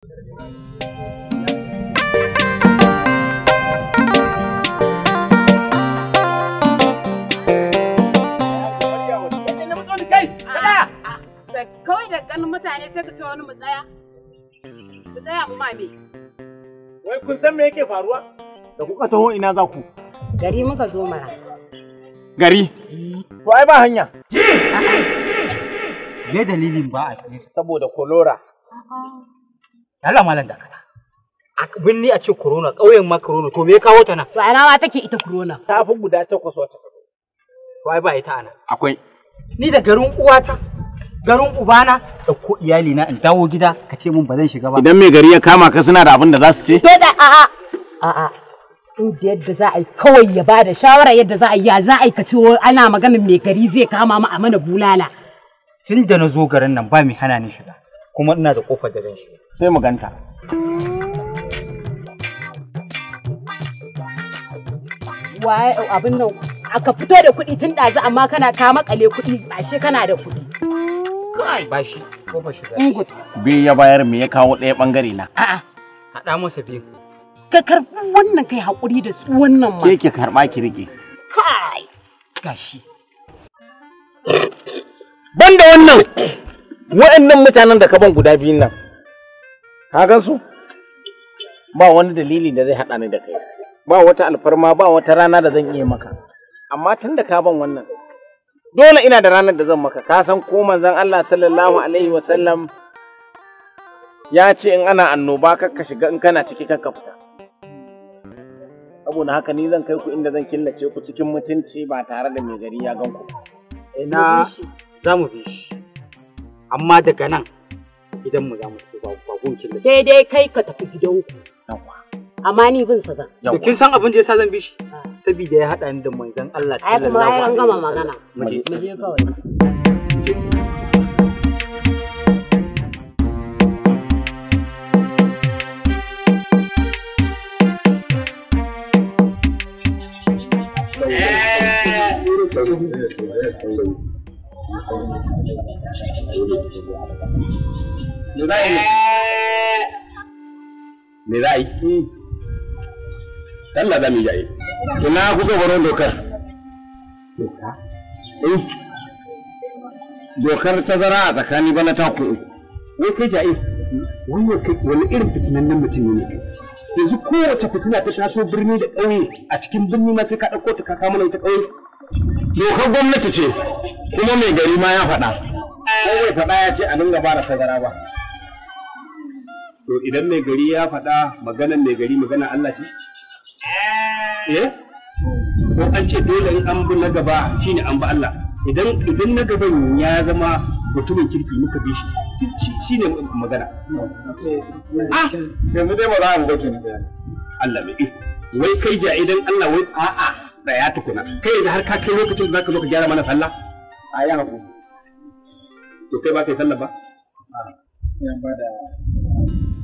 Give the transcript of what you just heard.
Kawai da ganin mutane sai ka ce wani mu tsaya. Ku tsaya mu mame. Wai kun san me yake faruwa? Da kuka taho ina za ku? Gari muka zo mara. Gari? To ai ba hanya. Me dalilin ba a shi saboda kolora. Allah malam da dakata. A binni a ce corona ƙauyen ma corona to me ya kawo ta nan? To ana ma take ita corona. Ta fi guda takwas wata. Wai ba ita ana. Akwai. Ni da garin uwata garin ubana da ko iyali na in dawo gida ka ce mun ba zan shiga ba. Idan mai gari ya kama ka suna da abin da za su ce? To da a'a a'a inda yadda za a yi kawai ya ba da shawara yadda za a yi ya za a yi ka ce ana maganin mai gari zai kama mu a mana bulala. Tun da na zo garin nan ba mai hana ni shiga. kuma ina da kofar da shi. sai mu ganta waye abin nan aka fito da kuɗi tun ɗazu amma kana ka makale kuɗi shi kana da kuɗi kai ba shi kofar shiga bi ya bayar me ya kawo ɗaya bangare na a'a haɗa masa biyu ka karɓi wannan kai haƙuri da su wannan ma ke ki karɓa ki rike kai gashi banda wannan wa'annan mutanen da ka ban guda biyun nan ka gan su ba wani dalili da zai haɗa ni da kai ba wata alfarma ba wata rana da zan iya maka amma tun da ka ban wannan dole ina da ranar da zan maka ka san ko manzon Allah sallallahu alaihi wasallam ya ce in ana annoba kakka shiga in kana ciki ka fita saboda haka ni zan kai ku inda zan killace ku cikin mutunci ba tare da mai gari ya gan ina za mu bi amma daga nan gidan mu za mu tafi ba gunkin da sai dai kai ka tafi gidan ku amma ni bin sa zan to kin san abin da yasa zan bi shi ah. saboda ya hada ni da manzon Allah sallallahu alaihi wasallam ai kuma an gama magana mu je kawai yes, yes Me za a dokar? Eh. Dokar tazara a tsakani bana es Wani irin mutum ne kai? yanzu kowace fitina ta shaso birni da ƙauye a cikin birni ma sai ka ɗauko ta ka kama ta ƙauye dokar gwamnati ce kuma mai gari ma ya faɗa ko mai faɗa ya ce a dinga ba da tazara ba to idan mai gari ya faɗa maganan mai gari magana Allah ce eh ko an ce dole in an bi na gaba ne an bi Allah idan idan na gaban ya zama mutumin kirki muka bi shi shi ne magana ah yanzu dai ba za a ga Allah mai wai kai ja idan Allah wai a'a da ya tukuna kai da har ka kai lokacin da zaka zo ka gyara mana sallah a to kai ba kai sallah ba? ba da